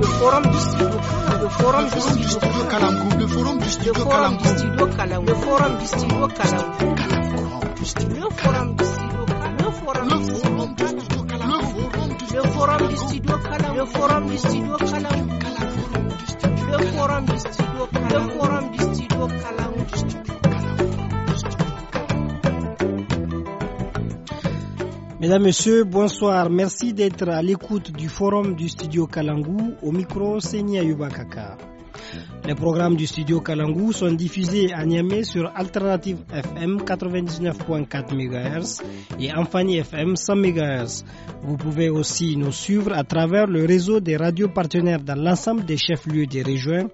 le forum du studio le forum du studio Kalamkou le forum du studio le forum du studio forum, le forum du studio le forum du studio le forum du studio le forum du studio le forum du studio le forum du studio Mesdames, Messieurs, bonsoir. Merci d'être à l'écoute du forum du studio Kalangou. Au micro, Senia Yubakaka. Les programmes du studio Kalangu sont diffusés à Niamey sur Alternative FM 99.4 MHz et Amphani FM 100 MHz. Vous pouvez aussi nous suivre à travers le réseau des radios partenaires dans l'ensemble des chefs-lieux des régions.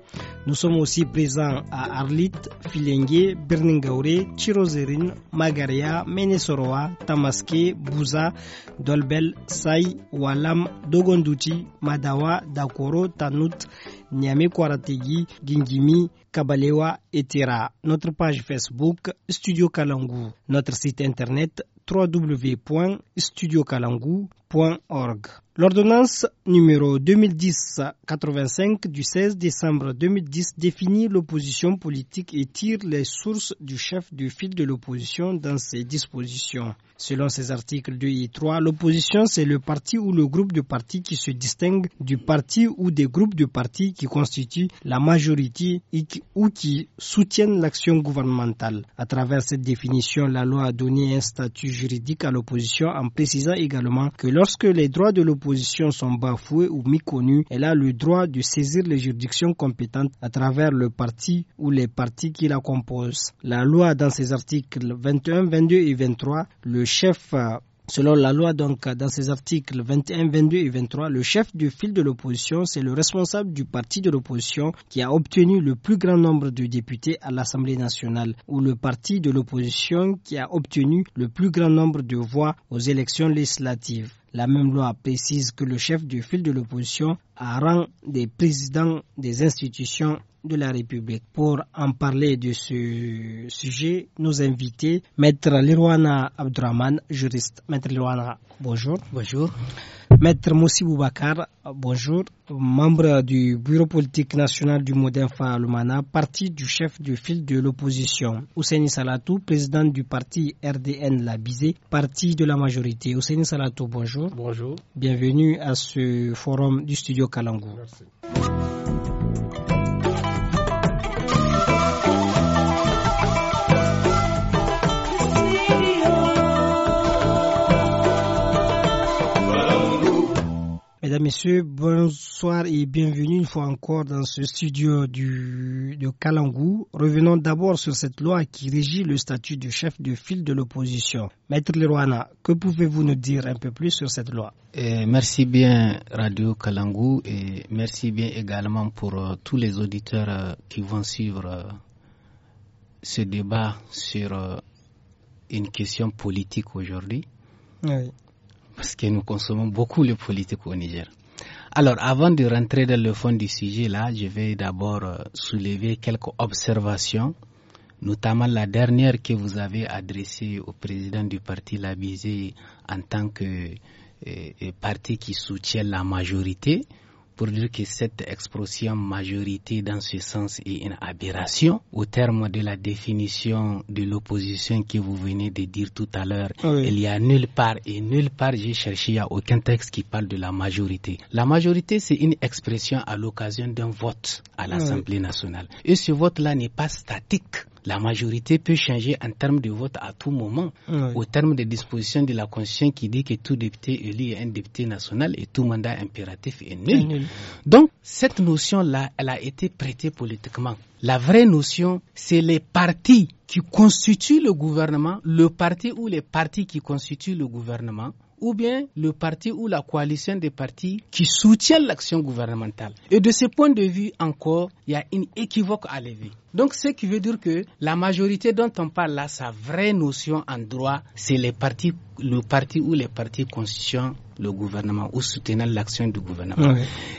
Nous sommes aussi présents à Arlit, Filengue, Birningaure, Chirozérine, Magaria, Menesoroa, Tamaské, Bouza, Dolbel, Saï, Walam, Dogondouti, Madawa, Dakoro, Tanout Nyame Kwarategi, Gingimi, Kabalewa etc. Notre page Facebook Studio Kalangu. Notre site internet www.studiokalangu.org. L'ordonnance numéro 2010-85 du 16 décembre 2010 définit l'opposition politique et tire les sources du chef du fil de l'opposition dans ses dispositions. Selon ses articles 2 et 3, l'opposition c'est le parti ou le groupe de partis qui se distingue du parti ou des groupes de partis qui constituent la majorité et qui, ou qui soutiennent l'action gouvernementale. À travers cette définition, la loi a donné un statut juridique à l'opposition en précisant également que lorsque les droits de l'opposition dispositions sont bafouées ou méconnues, elle a le droit de saisir les juridictions compétentes à travers le parti ou les partis qui la composent. La loi, dans ses articles 21, 22 et 23, le chef euh, Selon la loi, donc, euh, dans ses articles 21, 22 et 23, le chef du fil de l'opposition, c'est le responsable du parti de l'opposition qui a obtenu le plus grand nombre de députés à l'Assemblée nationale, ou le parti de l'opposition qui a obtenu le plus grand nombre de voix aux élections législatives. La même loi précise que le chef du fil de l'opposition a rang des présidents des institutions de la République. Pour en parler de ce sujet, nous invitons Maître Lirwana Abdraman, juriste. Maître Lirwana, bonjour. Bonjour. Maître Moussi Boubacar, bonjour. Membre du Bureau politique national du Modenfa Alumana, parti du chef de file de l'opposition. Ousseini Salatou, président du parti RDN Labizé, parti de la majorité. Ousseini Salatou, bonjour. Bonjour. Bienvenue à ce forum du studio Kalangou. Merci. Mesdames, Messieurs, bonsoir et bienvenue une fois encore dans ce studio de Kalangou. Revenons d'abord sur cette loi qui régit le statut de chef de file de l'opposition. Maître Lerouana, que pouvez-vous nous dire un peu plus sur cette loi eh, Merci bien Radio Kalangou et merci bien également pour euh, tous les auditeurs euh, qui vont suivre euh, ce débat sur une question politique aujourd'hui. Oui parce que nous consommons beaucoup le politique au Niger. Alors, avant de rentrer dans le fond du sujet, là, je vais d'abord euh, soulever quelques observations, notamment la dernière que vous avez adressée au président du parti Labizé en tant que euh, euh, parti qui soutient la majorité pour dire que cette expression majorité dans ce sens est une aberration au terme de la définition de l'opposition que vous venez de dire tout à l'heure. Il y a nulle part et nulle part j'ai cherché a aucun texte qui parle de la majorité. La majorité c'est une expression à l'occasion d'un vote à l'Assemblée nationale et ce vote là n'est pas statique. La majorité peut changer en termes de vote à tout moment, au terme des dispositions de la Constitution qui dit que tout député élu est un député national et tout mandat impératif est nul. Donc, cette notion-là, elle a été prêtée politiquement. La vraie notion, c'est les partis qui constituent le gouvernement, le parti ou les partis qui constituent le gouvernement, ou bien le parti ou la coalition des partis qui soutiennent l'action gouvernementale. Et de ce point de vue encore, il y a une équivoque à lever. Donc, ce qui veut dire que la majorité dont on parle là, sa vraie notion en droit, c'est les partis, le parti ou les partis constituant le gouvernement ou soutenant l'action du gouvernement.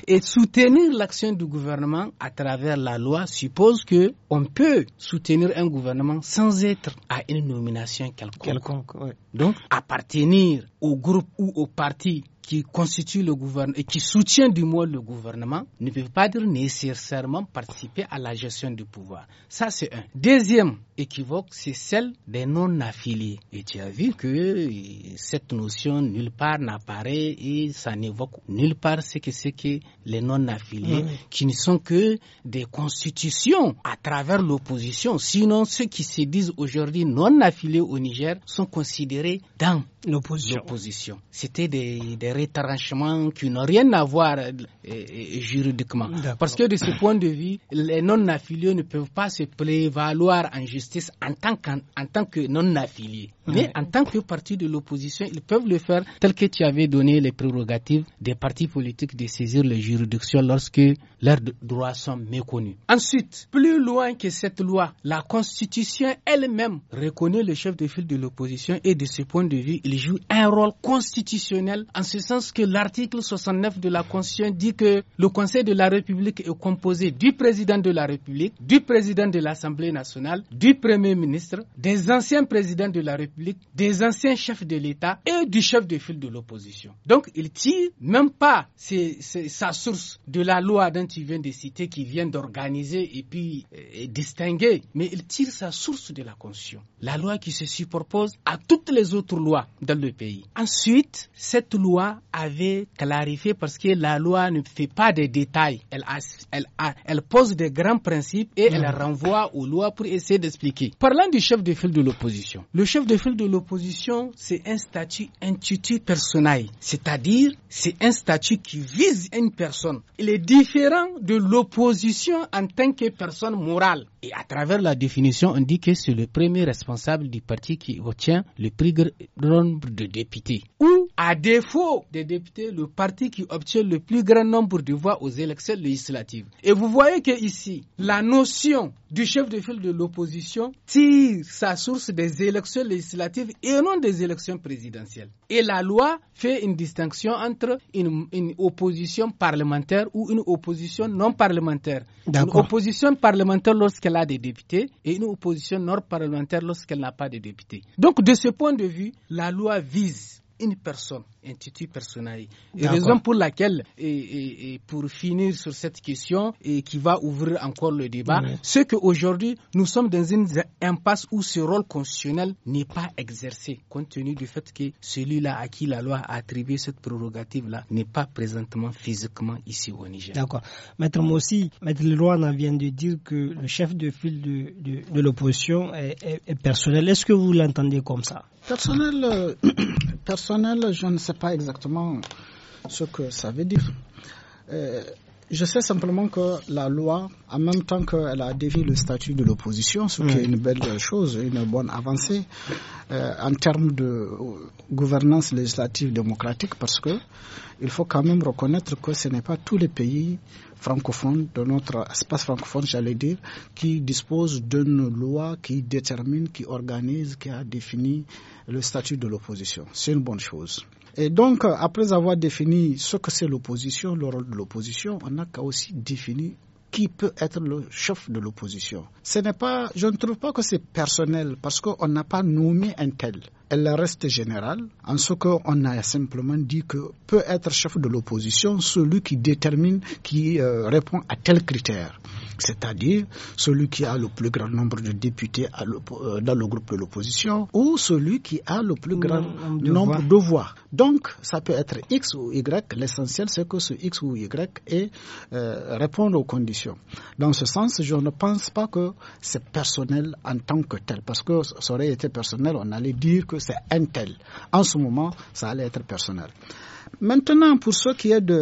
Et soutenir l'action du gouvernement à travers la loi suppose que on peut soutenir un gouvernement sans être à une nomination quelconque. Donc, appartenir au groupe ou au parti qui constitue le gouvernement et qui soutient du moins le gouvernement ne peuvent pas dire nécessairement participer à la gestion du pouvoir. Ça, c'est un. Deuxième équivoque, c'est celle des non-affiliés. Et tu as vu que euh, cette notion nulle part n'apparaît et ça n'évoque nulle part ce que c'est que les non-affiliés, qui ne sont que des constitutions à travers l'opposition. Sinon, ceux qui se disent aujourd'hui non-affiliés au Niger sont considérés dans l'opposition. C'était des retranchements qui n'ont rien à voir euh, euh, juridiquement. Parce que de ce point de vue, les non-affiliés ne peuvent pas se prévaloir en justice en tant, en tant que non-affiliés. Mais en tant que parti de l'opposition, ils peuvent le faire tel que tu avais donné les prérogatives des partis politiques de saisir les juridictions lorsque leurs droits sont méconnus. Ensuite, plus loin que cette loi, la Constitution elle-même reconnaît le chef de file de l'opposition et de ce point de vue, il joue un rôle constitutionnel en ce sens que l'article 69 de la Constitution dit que le Conseil de la République est composé du président de la République, du président de l'Assemblée nationale, du Premier ministre, des anciens présidents de la République, des anciens chefs de l'État et du chef de file de l'opposition. Donc il tire même pas sa source de la loi dont il vient de citer, qui vient d'organiser et puis euh, distinguer, mais il tire sa source de la Constitution, la loi qui se superpose à toutes les autres lois dans le pays. Ensuite, cette loi avait clarifié parce que la loi ne fait pas des détails, elle, elle, pose des grands principes et elle mm. renvoie aux lois pour essayer d'expliquer. Parlant du chef de file de l'opposition, le chef de Chef de l'opposition, c'est un statut intitulé personnel, c'est-à-dire c'est un statut qui vise une personne. Il est différent de l'opposition en tant que personne morale. Et à travers la définition, on dit que c'est le premier responsable du parti qui obtient le plus grand nombre de députés. Ou, à défaut des députés, le parti qui obtient le plus grand nombre de voix aux élections législatives. Et vous voyez que ici, la notion du chef de file de l'opposition tire sa source des élections législatives et non des élections présidentielles. Et la loi fait une distinction entre une, une opposition parlementaire ou une opposition non parlementaire. Une opposition parlementaire lorsqu'elle a des députés et une opposition non parlementaire lorsqu'elle n'a pas de députés. Donc de ce point de vue, la loi vise une personne, un titre personnel. Et raison pour laquelle, et, pour finir sur cette question, et qui va ouvrir encore le débat, c'est qu'aujourd'hui, nous sommes dans une impasse où ce rôle constitutionnel n'est pas exercé, compte tenu du fait que celui-là à qui la loi a attribué cette prérogative-là n'est pas présentement physiquement ici au Niger. D'accord. Maître Mossi, Maître Leroy vient de dire que le chef de file de, l'opposition est, personnel. Est-ce que vous l'entendez comme ça Personnel, euh, personnel, je ne sais pas exactement ce que ça veut dire. Euh, je sais simplement que la loi, en même temps qu'elle a défini le statut de l'opposition, ce qui est mm. une belle chose, une bonne avancée euh, en termes de gouvernance législative démocratique, parce que il faut quand même reconnaître que ce n'est pas tous les pays francophone, de notre espace francophone, j'allais dire, qui dispose d'une loi qui détermine, qui organise, qui a défini le statut de l'opposition. C'est une bonne chose. Et donc, après avoir défini ce que c'est l'opposition, le rôle de l'opposition, on a aussi défini qui peut être le chef de l'opposition. Ce n'est pas, je ne trouve pas que c'est personnel parce qu'on n'a pas nommé un tel elle reste générale en ce qu'on a simplement dit que peut être chef de l'opposition celui qui détermine, qui euh, répond à tel critère, c'est-à-dire celui qui a le plus grand nombre de députés euh, dans le groupe de l'opposition ou celui qui a le plus grand nombre de, voix. Donc, ça peut être X ou Y, l'essentiel c'est que ce X ou Y est, euh, répondre aux conditions. Dans ce sens, je ne pense pas que c'est personnel en tant que tel, parce que ça aurait été personnel, on allait dire que c'est un tel. En ce moment, ça allait être personnel. Maintenant, pour ce qui est de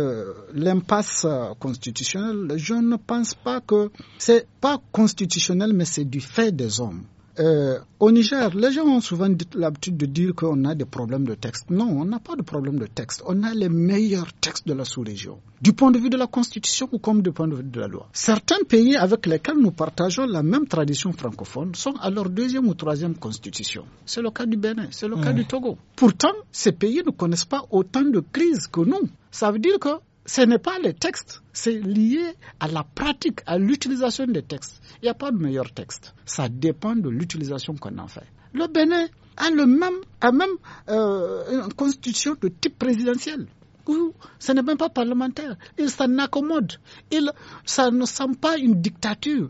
l'impasse euh, constitutionnelle, je ne pense pas que c'est pas constitutionnel, mais c'est du fait des hommes. Euh, au Niger, les gens ont souvent l'habitude de dire qu'on a des problèmes de texte. Non, on n'a pas de problème de texte. On a les meilleurs textes de la sous-région, du point de vue de la Constitution ou comme du point de vue de la loi. Certains pays avec lesquels nous partageons la même tradition francophone sont à leur deuxième ou troisième constitution. C'est le cas du Bénin, c'est le cas du Togo. Pourtant, ces pays ne connaissent pas autant de crises que nous. Ça veut dire que ce n'est pas le texte, c'est lié à la pratique, à l'utilisation des textes. Il n'y a pas de meilleur texte. Ça dépend de l'utilisation qu'on en fait. Le Bénin a, le même, a même euh, une constitution de type présidentiel. ce n'est même pas parlementaire. Il s'en accommode. Il, ça ne semble pas une dictature.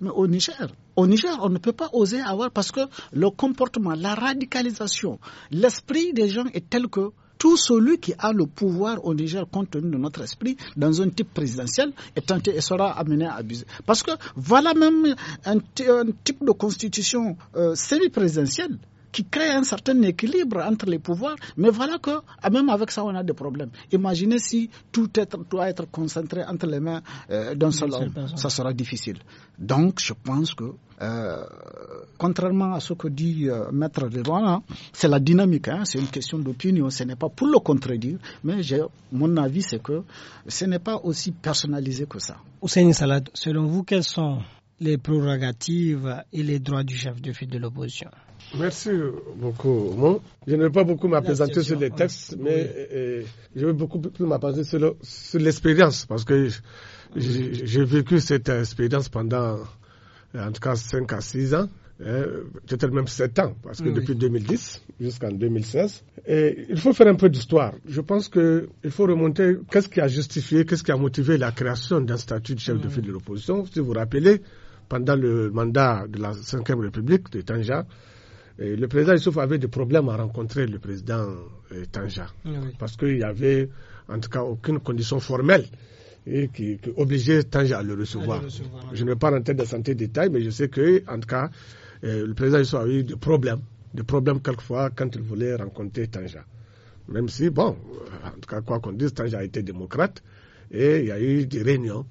Mais au Niger, au Niger, on ne peut pas oser avoir parce que le comportement, la radicalisation, l'esprit des gens est tel que tout celui qui a le pouvoir au Niger, compte tenu de notre esprit, dans un type présidentiel, est tenté et sera amené à abuser. Parce que voilà même un, type de constitution euh, semi-présidentielle qui crée un certain équilibre entre les pouvoirs. Mais voilà que, ah, même avec ça, on a des problèmes. Imaginez si tout doit être concentré entre les mains euh, d'un seul homme. Ça sera difficile. Donc, je pense que, euh, contrairement à ce que dit euh, Maître Lebrun, hein, c'est la dynamique, hein, c'est une question d'opinion, ce n'est pas pour le contredire, mais mon avis, c'est que ce n'est pas aussi personnalisé que ça. Ousseini Salad, selon vous, quelles sont les prérogatives et les droits du chef de file de l'opposition Merci beaucoup. Bon, je ne vais pas beaucoup m'appréhender sur les textes, mais euh, euh, je vais beaucoup plus m'appréhender sur l'expérience, parce que j'ai vécu cette expérience pendant, en tout cas, 5 à 6 ans. Hein, peut-être même 7 ans, parce que depuis 2010 jusqu'en 2016. Et il faut faire un peu d'histoire. Je pense qu'il faut remonter qu'est-ce qui a justifié, qu'est-ce qui a motivé la création d'un statut de chef de file de l'opposition. Si vous vous rappelez, pendant le mandat de la Ve République de Tanja, le président Issouf avait des problèmes à rencontrer le président euh, Tanja. Parce qu'il y avait, en tout cas, aucune condition formelle qui, obligeait Tanja à le recevoir. Je ne vais pas rentrer dans santé détails, mais je sais que, en tout cas, euh, le président Issouf a eu des problèmes, des problèmes quelquefois quand il voulait rencontrer Tanja. Même si, bon, euh, en tout cas, quoi qu'on dise, Tanja a été démocrate et il y a eu des réunions,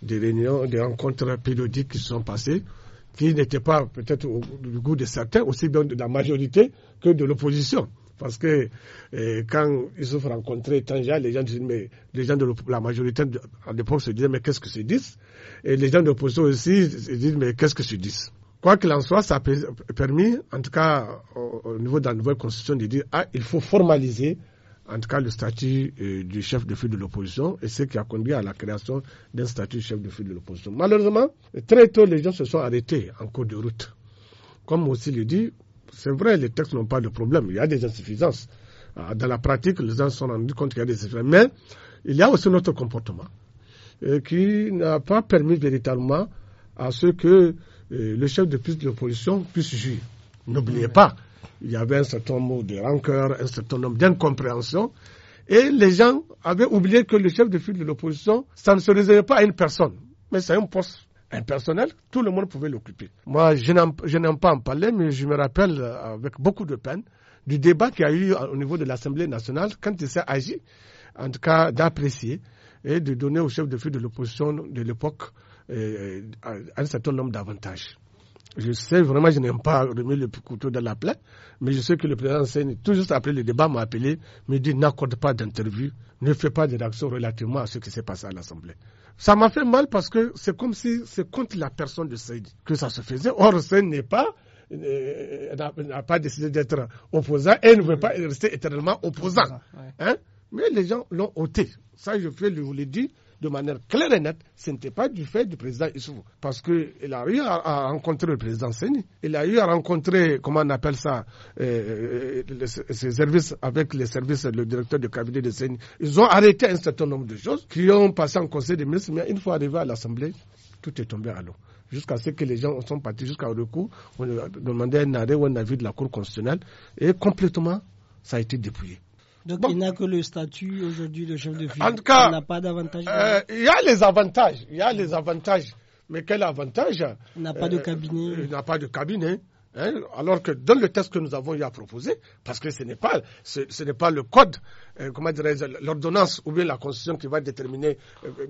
des réunions, des rencontres périodiques qui se sont passées qui n'était pas peut-être au goût de certains, aussi bien de la majorité que de l'opposition. Parce que eh, quand ils se sont rencontrés Tanja, les gens les gens de la majorité à l'époque se disaient, mais qu'est-ce que c'est 10 Et les gens de l'opposition aussi se disent, mais qu'est-ce que c'est 10 Quoi qu'il en soit, ça a permis, en tout cas au niveau de la nouvelle constitution, de dire, ah, il faut formaliser en tout cas le statut euh, du chef de file de l'opposition et ce qui a conduit à la création d'un statut chef de file de l'opposition. Malheureusement, très tôt, les gens se sont arrêtés en cours de route. Comme aussi le dit, c'est vrai, les textes n'ont pas de problème, il y a des insuffisances. Ah, dans la pratique, les gens se sont rendus compte qu'il y a des insuffisances. Mais il y a aussi notre comportement euh, qui n'a pas permis véritablement à ce que euh, le chef de, file de l'opposition puisse juger. N'oubliez pas, il y avait un certain nombre de rancœurs, un certain nombre d'incompréhensions. Et les gens avaient oublié que le chef de file de l'opposition, ça ne se réservait pas à une personne, mais c'est un poste impersonnel, tout le monde pouvait l'occuper. Moi, je n'aime pas en parler, mais je me rappelle euh, avec beaucoup de peine du débat qui a eu euh, au niveau de l'Assemblée nationale quand il s'est agi, en tout cas d'apprécier et de donner au chef de file de l'opposition de l'époque euh, un certain nombre d'avantages. Je sais vraiment, je n'aime pas remettre le couteau dans la plaie, mais je sais que le président Seigne, tout juste après le débat, m'a appelé, me dit n'accorde pas d'interview, ne fais pas de réaction relativement à ce qui s'est passé à l'Assemblée. Ça m'a fait mal parce que c'est comme si c'est contre la personne de Saïd que ça se faisait. Or, Seine n'est pas euh, n'a pas décidé d'être opposant et ne veut pas rester éternellement opposant. Hein? Mais les gens l'ont ôté. Ça, je vous le dire de manière claire et nette, ce n'était pas du fait du président Issoufou. Parce qu'il a eu à, rencontrer le président Séni. Il a eu à rencontrer, comment on appelle ça, euh, euh, ses services avec les services, le directeur du cabinet de Séni. Ils ont arrêté un certain nombre de choses qui ont passé en conseil des ministres, mais une fois arrivé à l'Assemblée, tout est tombé à l'eau jusqu'à ce que les gens sont partis jusqu'à recours. On a demandé un arrêt ou un avis de la Cour constitutionnelle et complètement, ça a été dépouillé. Donc il n'a que le statut aujourd'hui de chef de file. En il n'a pas d'avantage. Euh, il y a les avantages, il y a les avantages. Mais quel avantage Il n'a pas de euh, cabinet. Il n'a pas de cabinet. Hein. alors que dans le texte que nous avons eu à proposer, parce que ce n'est pas, ce, n'est pas le code, euh, l'ordonnance ou bien la constitution qui va déterminer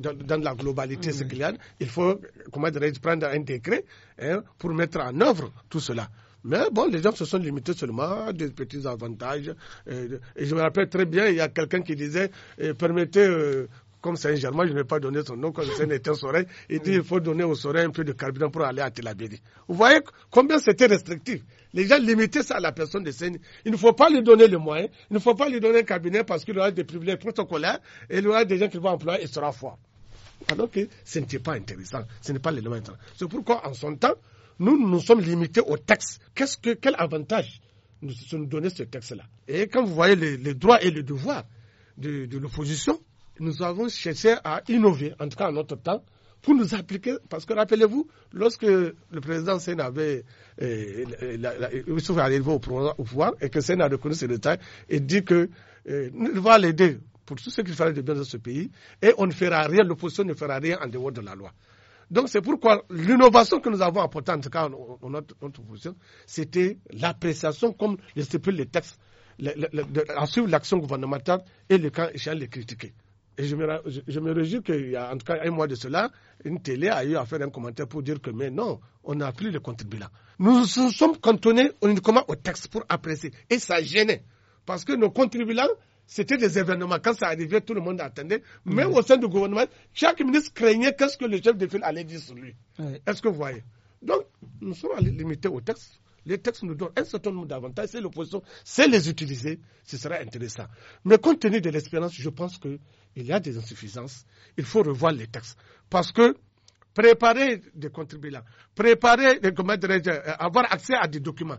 dans, la globalité ce qu'il y a, il faut, comment prendre un décret hein, pour mettre en œuvre tout cela. Mais bon, les gens se sont limités seulement à des petits avantages. Euh, et je me rappelle très bien, il y a quelqu'un qui disait, euh, permettez euh, comme Saint-Germain, je vais pas donner son nom, comme saint un Soreille, il dit il faut donner au Soreille un peu de carburant pour aller à Tel Aviv. Vous voyez combien c'était restrictif. Les gens limitaient ça à la personne de Seigneur. Il ne faut pas lui donner le moyen, il ne faut pas lui donner un cabinet parce qu'il aura des privilèges protocolaires et il aura des gens qu'il va employer et sera fort. Alors que ce n'était pas intéressant, ce n'est pas l'élément intéressant. C'est pourquoi, en son temps, nous nous sommes limités au texte. Qu'est-ce que, quel avantage nous, nous donné ce texte-là Et quand vous voyez les, droits et les devoirs de, l'opposition, nous avons cherché à innover, en tout cas en notre temps, pour nous appliquer. Parce que rappelez-vous, lorsque le président Sen avait. Eh, eh, arrivé au pouvoir et que Sen a reconnu ce détail et dit que nous eh, va l'aider pour tout ce qu'il fallait de bien dans ce pays et on ne fera rien, l'opposition ne fera rien en dehors de la loi. Donc c'est pourquoi l'innovation que nous avons apportée, en tout cas, notre, notre, position, c'était l'appréciation comme je stipule les textes, le, le, le, suivre l'action gouvernementale et le cas échéant les critiquer. Et je me, je, me réjouis qu'il y a en tout cas un mois de cela, une télé a eu à faire un commentaire pour dire que mais non, on a plus le contribuant. Nous nous sommes cantonnés uniquement au texte pour apprécier. Et ça gênait. Parce que nos contribuables c'était des événements. Quand ça arrivait, tout le monde attendait. Mais mm. au sein du gouvernement, chaque ministre craignait qu'est-ce que le chef de file allait dire sur lui. Est-ce que vous voyez Donc, nous sommes limités au texte. Les textes nous donnent un certain nombre d'avantages. C'est l'opposition, c'est les utiliser, ce sera intéressant. Mais compte tenu de l'expérience, je pense qu'il y a des insuffisances. Il faut revoir les textes. Parce que préparer des contribuables, préparer, des, comment euh, avoir accès à des documents,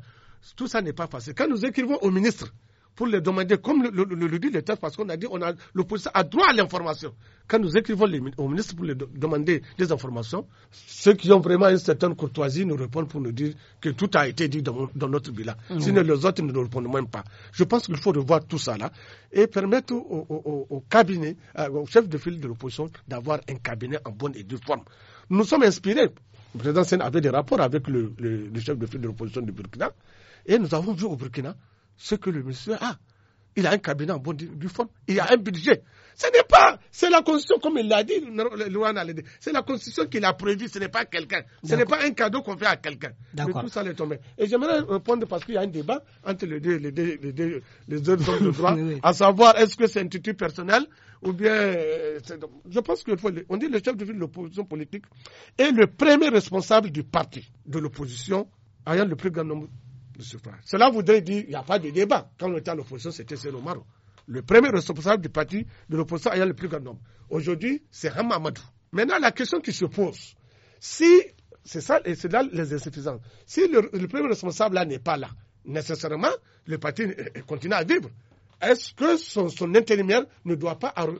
tout ça n'est pas facile. Quand nous écrivons au ministre, pour les demander, comme le, dit le texte, parce qu'on a dit on a l'opposition a droit à l'information. Quand nous écrivons au ministre pour les demander des informations, ceux qui ont vraiment une certaine courtoisie nous répondent pour nous dire que tout a été dit dans, notre bilan. Mm. Sinon, les autres ne nous répondent même pas. Je pense qu'il faut revoir tout ça là et permettre au, cabinet, euh, au chef de file de l'opposition d'avoir un cabinet en bonne et due forme. Nous sommes inspirés. Le président Sen avait des rapports avec le chef de file de l'opposition du Burkina et nous avons vu au Burkina ce que le monsieur a. Il a un cabinet en bonne du fond, il a un budget. Ce n'est pas, c'est la Constitution, comme il l'a dit, c'est la Constitution qui l'a prévu, ce n'est pas quelqu'un. Ce n'est pas un cadeau qu'on fait à quelqu'un. Tout ça tombé. Et j'aimerais répondre parce qu'il y a un débat entre les deux, les les les hommes de droit, à savoir est-ce que c'est un titre personnel ou bien. Euh, je pense qu'il faut. On dit le chef de de l'opposition politique est le premier responsable du parti, de l'opposition, ayant le plus grand nombre cela voudrait dire qu'il n'y a pas de débat. Quand on était à l'opposition, c'était Selomaro, Maro. Le premier responsable du parti de l'opposition ayant le plus grand nombre. Aujourd'hui, c'est Hamamadou. Maintenant, la question qui se pose, si c'est ça, et c'est là les insuffisants Si le, premier responsable n'est pas là, nécessairement, le parti continue à vivre. Est-ce que son, intérimaire ne doit pas euh,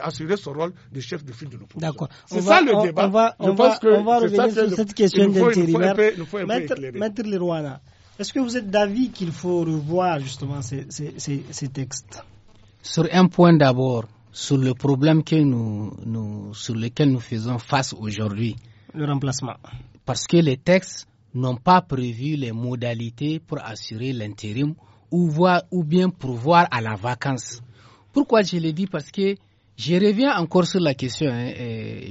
assurer son rôle de chef de file de l'opposition C'est ça le débat. On, va, revenir sur cette question d'intérimaire. Est-ce que vous êtes d'avis qu'il faut revoir justement ces, textes Sur un point d'abord, sur le problème que nous, nous, sur lequel nous faisons face aujourd'hui. Le remplacement. Parce que les textes n'ont pas prévu les modalités pour assurer l'intérim ou, voir, ou bien à la vacance. Pourquoi je le dis Parce que je reviens encore sur la question, hein,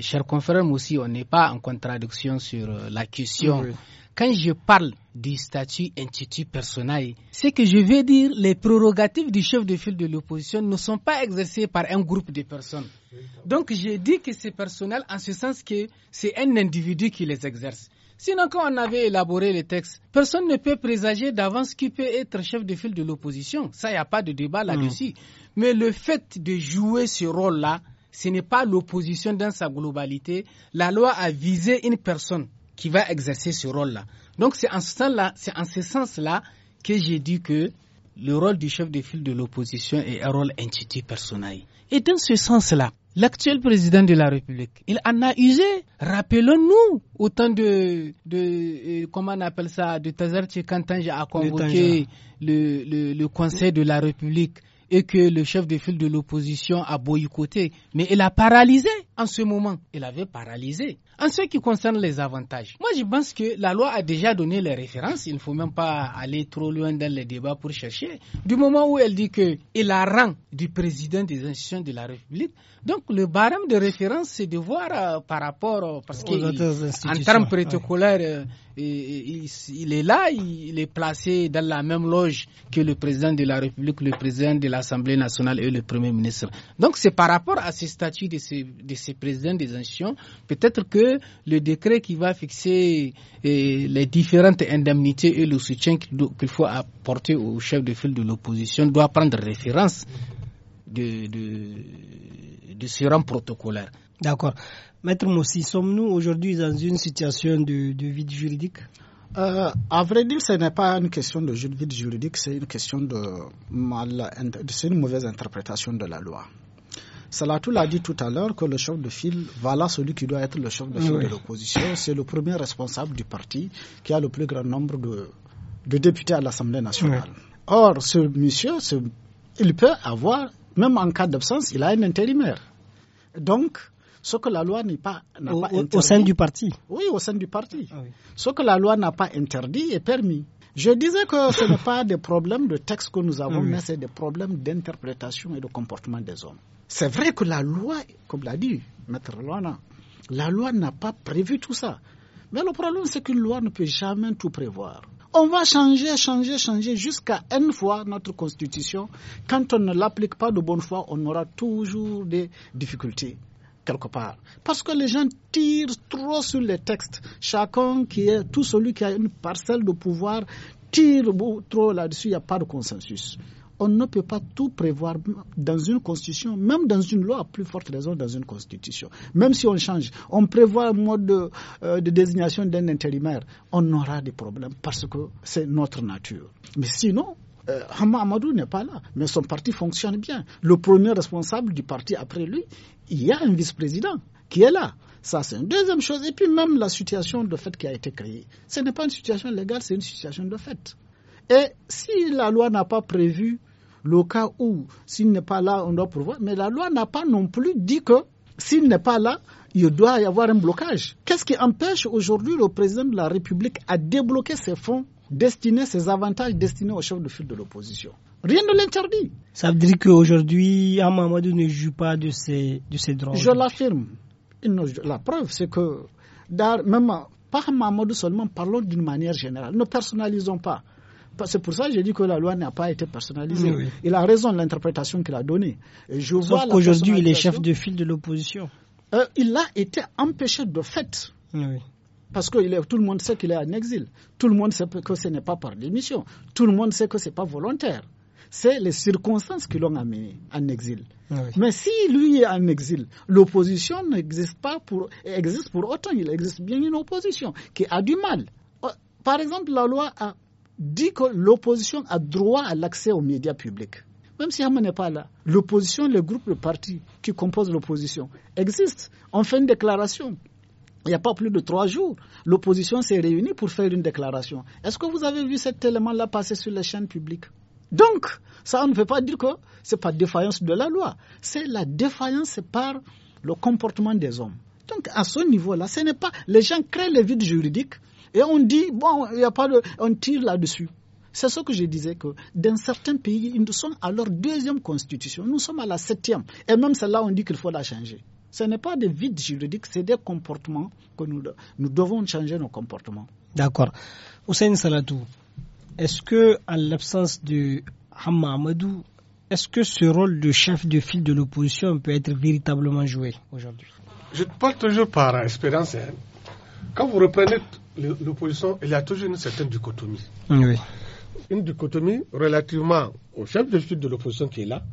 cher confrère, aussi, on n'est pas en contradiction sur euh, la question. Quand je parle du statut institut personnel. Ce que je veux dire, les prérogatives du chef de file de l'opposition ne sont pas exercées par un groupe de personnes. Donc j'ai dit que c'est personnel en ce sens que c'est un individu qui les exerce. Sinon, quand on avait élaboré le texte personne ne peut présager d'avance qui peut être chef de file de l'opposition. Ça, il n'y a pas de débat là-dessus. Mm. Mais le fait de jouer ce rôle-là, ce n'est pas l'opposition dans sa globalité. La loi a visé une personne qui va exercer ce rôle-là. Donc c'est en ce sens-là que j'ai dit que le rôle du chef de file de l'opposition est un rôle entité personnel. Et dans ce sens-là, l'actuel président de la République, il en a usé. Rappelons-nous autant de, de euh, comment on appelle ça, de Tazar Kantanja a convoqué le, le Conseil de la République et que le chef de file de l'opposition a boycotté. Mais il a paralysé en ce moment. Il avait paralysé. En ce qui concerne les avantages, moi je pense que la loi a déjà donné les références. Il ne faut même pas aller trop loin dans les débats pour chercher. Du moment où elle dit qu'il a rang du président des institutions de la République, donc le barème de référence, c'est de voir euh, par rapport, euh, parce qu'en termes protocolaires, euh, il, il, est là, il, est placé dans la même loge que le président de la République, le président de l'Assemblée nationale et le Premier ministre. Donc c'est par rapport à ces statuts de ces, de ces présidents des institutions, peut-être que le décret qui va fixer eh, les différentes indemnités et le soutien qu'il faut apporter au chef de file de l'opposition doit prendre référence de, ce rang protocolaire. D'accord. Maître Mossi, sommes-nous aujourd'hui dans une situation de, vide juridique euh, à vrai dire, ce n'est pas une question de vide juridique, c'est une question c'est une mauvaise interprétation de la loi. Salatou l'a dit tout à l'heure que le chef de file, voilà celui qui doit être le chef de file de l'opposition. C'est le premier responsable du parti qui a le plus grand nombre de, députés à l'Assemblée nationale. Or, ce monsieur, il peut avoir, même en cas d'absence, il a un intérimaire. Donc, ce que la loi n'est pas, n'a pas interdit. sein du parti Oui, au sein du parti. Ah ce que la loi n'a pas interdit est permis. Je disais que ce n'est pas des problèmes de texte que nous avons, mais c'est des problèmes d'interprétation et de comportement des hommes. C'est vrai que la loi, comme l'a dit Maître Loana, la loi n'a pas prévu tout ça. Mais le problème, c'est qu'une loi ne peut jamais tout prévoir. On va changer, changer, changer jusqu'à une fois notre constitution. Quand on ne l'applique pas de bonne foi, on aura toujours des difficultés quelque part. Parce que les gens tirent trop sur les textes. Chacun qui est, tout celui qui a une parcelle de pouvoir tire trop là-dessus, il n'y a pas de consensus on ne peut pas tout prévoir dans une constitution, même dans une loi, à plus forte raison dans une constitution. Même si on change, on prévoit un mode de, euh, désignation d'un intérimaire, on aura des problèmes parce que c'est notre nature. Mais sinon, Hamadou euh, n'est pas là, mais son parti fonctionne bien. Le premier responsable du parti après lui, il y a un vice-président qui est là. Ça, c'est une deuxième chose. Et puis même la situation de fait qui a été créée. Ce n'est pas une situation légale, c'est une situation de fait. Et si la loi n'a pas prévu le cas où, s'il n'est pas là, on doit pourvoir. Mais la loi n'a pas non plus dit que s'il n'est pas là, il doit y avoir un blocage. Qu'est-ce qui empêche aujourd'hui le président de la République à débloquer ses fonds destinés, ses avantages destinés aux chefs de file de l'opposition Rien ne l'interdit. Ça veut dire qu'aujourd'hui, Amamadou ne joue pas de ses, de ses droits. Je l'affirme. La preuve, c'est que, même pas Amamadou seulement, parlons d'une manière générale. Ne personnalisons pas. C'est pour ça que j'ai dit que la loi n'a pas été personnalisée. Il a raison de l'interprétation qu'il a donnée. Sauf qu'aujourd'hui, il est chef de file de l'opposition. Euh, il a été empêché de fait. Parce que tout le monde sait qu'il est en exil. Tout le monde sait que ce n'est pas par démission. Tout le monde sait que ce n'est pas volontaire. C'est les circonstances qui l'ont amené en exil. Mais si lui est en exil, l'opposition n'existe pas pour, existe pour autant. Il existe bien une opposition qui a du mal. Euh, par exemple, la loi a dit que l'opposition a droit à l'accès aux médias publics. Même si Haman n'est pas là, l'opposition, le groupe, de partis qui compose l'opposition existe. On fait une déclaration. Il n'y a pas plus de trois jours, l'opposition s'est réunie pour faire une déclaration. Est-ce que vous avez vu cet élément-là passer sur les chaînes publiques Donc, ça, ne veut pas dire que ce n'est pas défaillance de la loi. C'est la défaillance par le comportement des hommes. Donc, à ce niveau-là, ce n'est pas. Les gens créent les vides juridiques et on dit, bon, il n'y a pas On tire là-dessus. C'est ce que je disais que dans certains pays, nous sommes à leur deuxième constitution. Nous sommes à la septième. Et même celle-là, on dit qu'il faut la changer. Ce n'est pas des vides juridiques, c'est des comportements que nous, nous devons changer nos comportements. D'accord. Hussein Salatou, est-ce que, l'absence de Hamadou, est-ce que ce rôle de chef de file de l'opposition peut être véritablement joué aujourd'hui Je parle toujours par expérience. Hein. Quand vous reprenez l'opposition, il y a toujours une certaine dichotomie. Une dichotomie relativement au chef de file de l'opposition qui est là,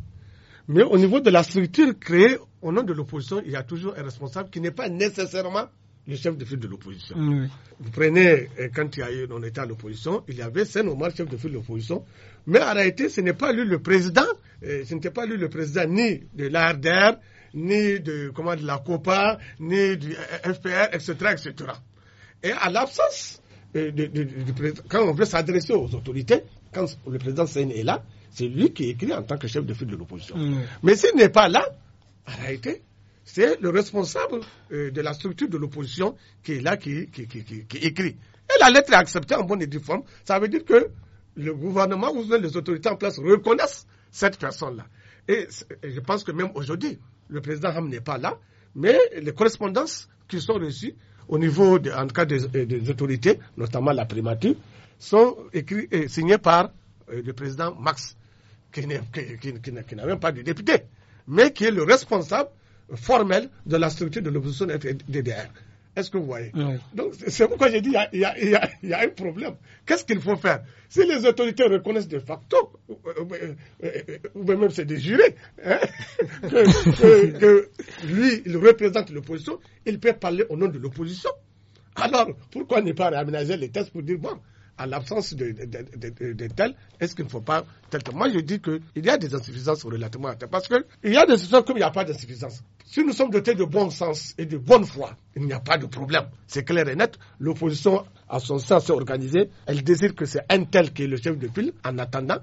mais au niveau de la structure créée au nom de l'opposition, il y a toujours un responsable qui n'est pas nécessairement le chef de file de l'opposition. Vous prenez, euh, quand il y a eu, on était à l'opposition, il y avait saint Omar, chef de file de l'opposition, mais en réalité, ce n'est pas lui le président, euh, ce n'était pas lui le président ni de l'ARDR, ni de, comment, de la COPA, ni du FPR, etc., etc. Et à l'absence euh, de, quand on veut s'adresser aux autorités, quand le président Sain est là, c'est lui qui écrit en tant que chef de file de l'opposition. Mm. Mais s'il n'est pas là, en réalité, c'est le responsable euh, de la structure de l'opposition qui est là, qui, qui, écrit. Et la lettre est acceptée en bonne et due forme. Ça veut dire que le gouvernement ou les autorités en place reconnaissent cette personne-là. Et, et, je pense que même aujourd'hui, le président Ham n'est pas là, mais les correspondances qui sont reçues au niveau, en cas, euh, des, autorités, notamment la primature, sont écrits et signés par euh, le président Max, qui, n'a même pas de député, mais qui est le responsable formel de la structure de l'opposition FDDR. Est-ce que vous voyez Donc, c'est pourquoi j'ai dit il y, a un problème. Qu'est-ce qu'il faut faire Si les autorités reconnaissent de facto, ou, même c'est des jurés, hein, que, lui, il représente l'opposition, il peut parler au nom de l'opposition. Alors, pourquoi ne pas réaménager les tests pour dire bon, à l'absence de, tel, est-ce qu'il ne faut pas tel Moi, je dis qu'il y a des insuffisances relativement à tel. Parce qu'il y a des insuffisances comme il n'y a pas d'insuffisance. Si nous sommes dotés de bon sens et de bonne foi, il n'y a pas de problème. C'est clair et net. L'opposition, à son sens, organisé. Elle désire que c'est un tel qui est le chef de file. En attendant,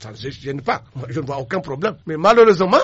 ça ne gêne pas. je ne vois aucun problème. Mais malheureusement,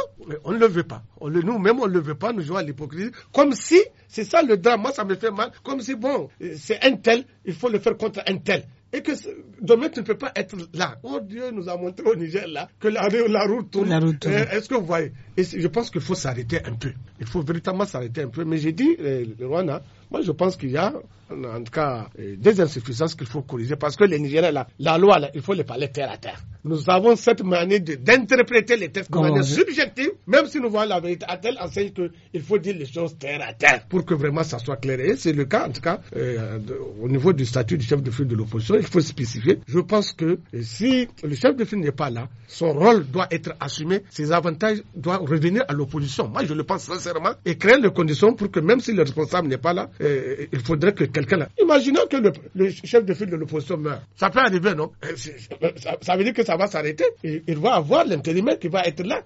on ne le veut pas. Nous-mêmes, on ne le veut pas. Nous jouons à l'hypocrisie. Comme si, c'est ça le drame. Moi, ça me fait mal. Comme si, bon, euh, c'est un tel, il faut le faire contre un tel et que tu ne peux pas être là. Oh Dieu nous a montré au Niger là que la, la route tourne. Eh, est-ce que vous voyez et je pense qu'il faut s'arrêter un peu. Il faut véritablement s'arrêter un peu. Mais j'ai dit, euh, le, Rwanda, moi je pense qu'il y a, en tout cas, euh, des insuffisances qu'il faut corriger parce que les Nigériens, la, loi, là, il faut les parler terre à terre. Nous avons cette manière d'interpréter les textes de manière subjective, même si nous voyons la vérité à tel enseigne qu'il faut dire les choses terre à terre pour que vraiment ça soit clair. Et c'est le cas, en tout cas, euh, au niveau du statut du chef de file de l'opposition, il faut spécifier. Je pense que si le chef de file n'est pas là, son rôle doit être assumé, ses avantages doivent revenir à l'opposition. Moi, je le pense sincèrement et créer les conditions pour que même si le responsable n'est pas là, euh, il faudrait que quelqu'un là. Imaginons que le, chef de file de l'opposition meurt. Ça peut arriver, non euh, ça, veut dire que ça va s'arrêter. Il, il, va avoir l'intérimaire qui va être là.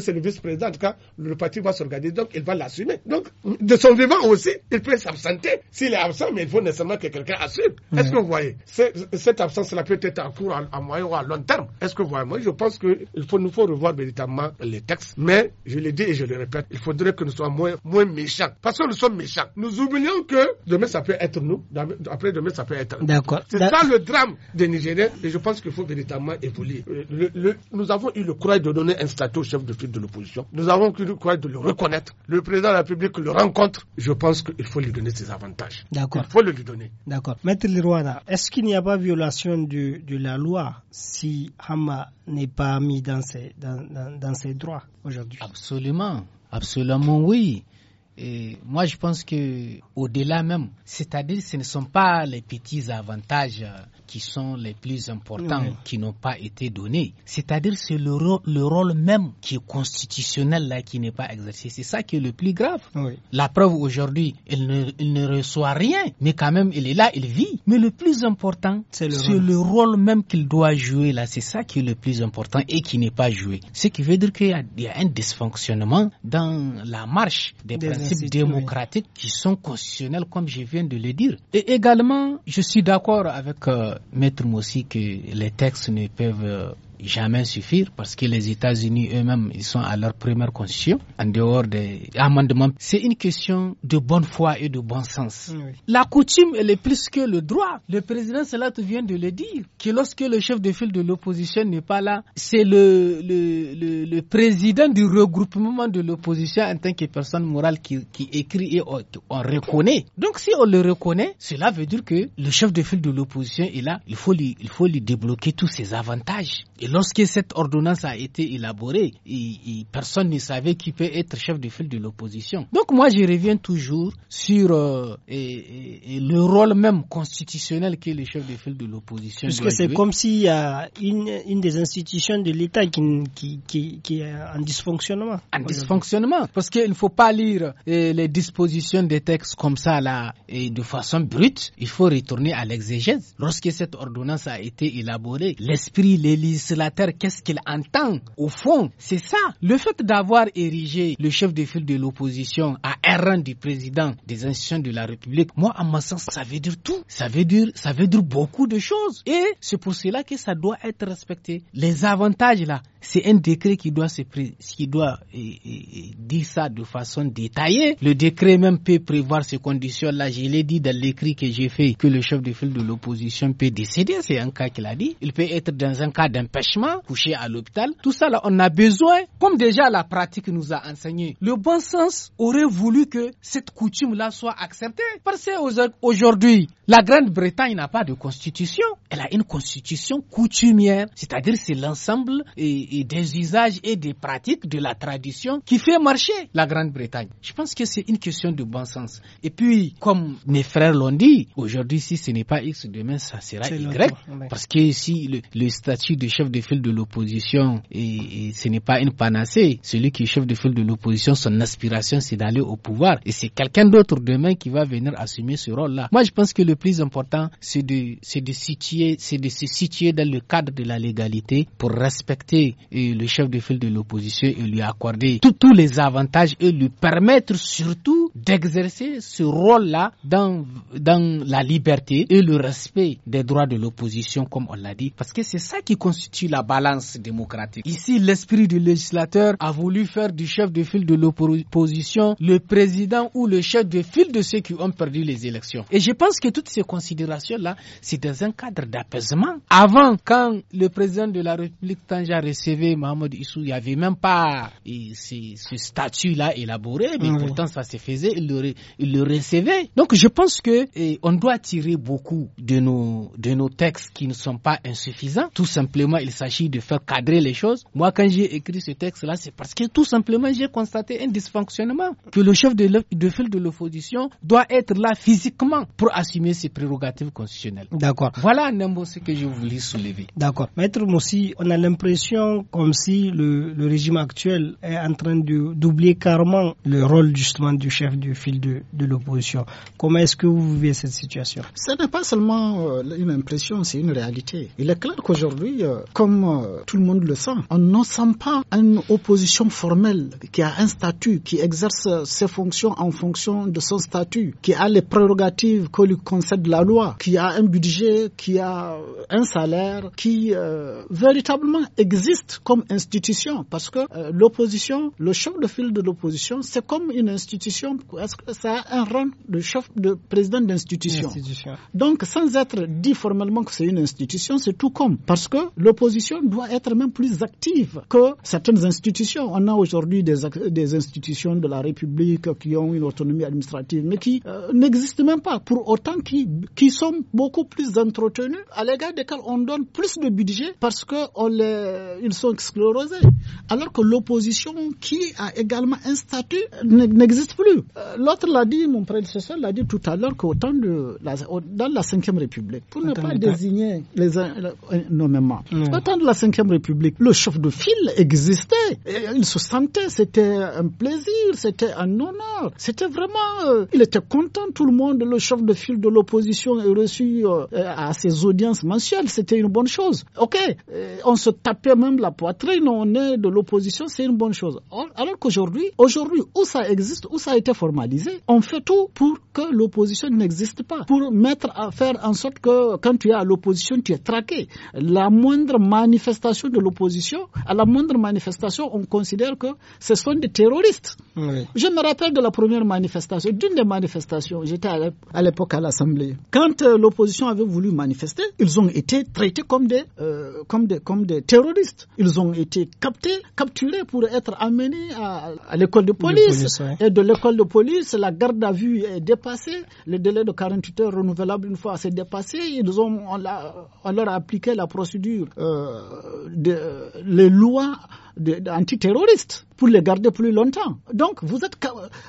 C'est le vice-président. En tout cas, le parti va s'organiser, donc il va l'assumer. Donc, de son vivant aussi, il peut s'absenter. S'il est absent, mais il faut nécessairement que quelqu'un assume. Mhm. Est-ce que vous voyez Cette absence-là peut être en cours à, moyen ou à long terme. Est-ce que vous voyez Moi, je pense qu'il faut, nous faut revoir véritablement les textes. Mais je l'ai dit et je le répète, il faudrait que nous soyons moins, moins méchants. Parce que nous sommes méchants. Nous oublions que demain, ça peut être nous. Après demain, ça peut être D'accord. C'est ça le drame des Nigériens. Et je pense qu'il faut véritablement évoluer. Euh, nous avons eu le courage de donner un statut au chef de file de l'opposition. Nous avons eu le courage de le reconnaître. Le président de la République le rencontre. Je pense qu'il faut lui donner ses avantages. D'accord. Il faut le lui donner. D'accord. Maître Lirouana, est-ce qu'il n'y a pas violation de, la loi si Hama n'est pas mis dans ses, dans ses droits aujourd'hui? Absolument, absolument oui. Et moi, je pense que au-delà même, c'est-à-dire, ce ne sont pas les petits avantages euh, qui sont les plus importants, qui n'ont pas été donnés. C'est-à-dire c'est le, rôle même qui est constitutionnel là, qui n'est pas exercé. C'est ça qui est le plus grave. La preuve aujourd'hui, il, ne, reçoit rien, mais quand même il est là, il vit. Mais le plus important, c'est le, rôle même qu'il doit jouer là. C'est ça qui est le plus important et qui n'est pas joué. Ce qui veut dire qu'il y, y, a un dysfonctionnement dans la marche des, principes démocratiques qui sont constitutionnels, comme je viens de le dire. Et également, je suis d'accord avec euh, mettre aussi que les textes ne peuvent euh, jamais suffire parce que les États-Unis eux-mêmes, ils sont à leur première conscience en dehors des amendements. C'est une question de bonne foi et de bon sens. La coutume, elle est plus que le droit. Le président te vient de le dire, que lorsque le chef de file de l'opposition n'est pas là, c'est le, le, le, président du regroupement de l'opposition en tant que personne morale qui, qui écrit et on, on, reconnaît. Donc si on le reconnaît, cela veut dire que le chef de file de l'opposition est là, il faut lui, il faut lui débloquer tous ses avantages. Et lorsque cette ordonnance a été élaborée, personne ne savait qui peut être chef de file de l'opposition. Donc moi, je reviens toujours sur euh, et, le rôle même constitutionnel que le chef de file de l'opposition. que c'est comme s'il y a une, des institutions de l'État qui, est en dysfonctionnement. En dysfonctionnement, parce qu'il ne faut pas lire euh, les dispositions des textes comme ça, là, et de façon brute. Il faut retourner à l'exégèse. Lorsque cette ordonnance a été élaborée, l'esprit, les terre qu'est-ce qu'il entend au fond C'est ça. Le fait d'avoir érigé le chef de file de l'opposition à un du président des institutions de la République, moi, à ma sens, ça veut dire tout. Ça veut dire, ça veut dire beaucoup de choses. Et c'est pour cela que ça doit être respecté. Les avantages là, c'est un décret qui doit, se, qui doit et, euh, euh, euh, dire ça de façon détaillée. Le décret même peut prévoir ces conditions-là. Je l'ai dit dans l'écrit que j'ai fait que le chef de file de l'opposition peut décéder. C'est un cas qu'il a dit. Il peut être dans un cas d'empêchement, couché à l'hôpital. Tout ça, là, on a besoin, comme déjà la pratique nous a enseigné, le bon sens aurait voulu que cette coutume-là soit acceptée. Parce qu'aujourd'hui, la Grande-Bretagne n'a pas de constitution. Elle a une constitution coutumière. C'est-à-dire, c'est l'ensemble et et des usages et des pratiques de la tradition qui fait marcher la Grande-Bretagne. Je pense que c'est une question de bon sens. Et puis, comme mes frères l'ont dit, aujourd'hui, si ce n'est pas X, demain, ça sera Y. Parce que si le, statut de chef de file de l'opposition, et, ce n'est pas une panacée, celui qui est chef de file de l'opposition, son aspiration, c'est d'aller au pouvoir. Et c'est quelqu'un d'autre demain qui va venir assumer ce rôle-là. Moi, je pense que le plus important, c'est de, de, situer, c'est de se situer dans le cadre de la légalité pour respecter et le chef de file de l'opposition et lui accorder tous les avantages et lui permettre surtout d'exercer ce rôle-là dans, dans la liberté et le respect des droits de l'opposition, comme on l'a dit, parce que c'est ça qui constitue la balance démocratique. Ici, l'esprit du législateur a voulu faire du chef de file de l'opposition le président ou le chef de file de ceux qui ont perdu les élections. Et je pense que toutes ces considérations-là, c'est dans un cadre d'apaisement. Avant, quand le président de la République Tanja il n'y avait même pas ce statut-là élaboré, mais ah pourtant ça se faisait, il le, il le, recevait. Donc je pense que on doit tirer beaucoup de nos, de nos textes qui ne sont pas insuffisants. Tout simplement, il s'agit de faire cadrer les choses. Moi, quand j'ai écrit ce texte-là, c'est parce que tout simplement j'ai constaté un dysfonctionnement, que le chef de, file de l'opposition doit être là physiquement pour assumer ses prérogatives constitutionnelles. D'accord. Voilà un ce que je voulais soulever. D'accord. Maître Moussi, on a l'impression comme si le, régime actuel est en train d'oublier carrément le rôle justement du chef du fil de, l'opposition. Comment est-ce que vous vivez cette situation Ce n'est pas seulement euh, une impression, c'est une réalité. Il est clair qu'aujourd'hui, euh, comme euh, tout le monde le sent, on ne sent pas une opposition formelle qui a un statut, qui exerce ses fonctions en fonction de son statut, qui a les prérogatives que lui concède la loi, qui a un budget, qui a un salaire, qui véritablement existe comme institution, parce que euh, l'opposition, le chef de file de l'opposition, c'est comme une institution, ça a un rang de chef de président d'institution. Donc, sans être dit formellement que c'est une institution, c'est tout comme, parce que l'opposition doit être même plus active que certaines institutions. On a aujourd'hui des, des, institutions de la République qui ont une autonomie administrative, mais qui euh, n'existent même pas, pour autant qui, qui sont beaucoup plus entretenues, à l'égard desquelles on donne plus de budget parce que on les, sont Alors que l'opposition, qui a également un statut, n'existe plus. Euh, l'autre l'a dit, mon prédécesseur l'a dit tout à l'heure, qu'au temps de la, dans la Ve République, pour ne pas désigner les nommément, au temps de la Ve République, le chef de file existait. Et il se sentait, c'était un plaisir, c'était un honneur. C'était vraiment, euh, il était content, tout le monde, le chef de file de l'opposition est reçu euh, à ses audiences mensuelles. C'était une bonne chose. Ok, on se tapait même la poitrine, on est de l'opposition, c'est une bonne chose. Alors qu'aujourd'hui, aujourd'hui, où ça existe, où ça a été formalisé, on fait tout pour que l'opposition n'existe pas, pour mettre à faire en sorte que quand tu es à l'opposition, tu es traqué. La moindre manifestation de l'opposition, à la moindre manifestation, on considère que ce sont des terroristes. Je me rappelle de la première manifestation, d'une des manifestations, j'étais à l'époque à l'Assemblée. Quand euh, l'opposition avait voulu manifester, ils ont été traités comme des, euh, comme des, comme des terroristes ils ont été captés, capturés pour être amenés à, l'école de police. Et de l'école de police, la garde à vue est dépassée. Le délai de 48 heures renouvelable une fois s'est dépassé. Ils ont, on, on leur a appliqué la procédure, euh, de, les lois antiterroristes pour les garder plus longtemps. Donc, vous êtes.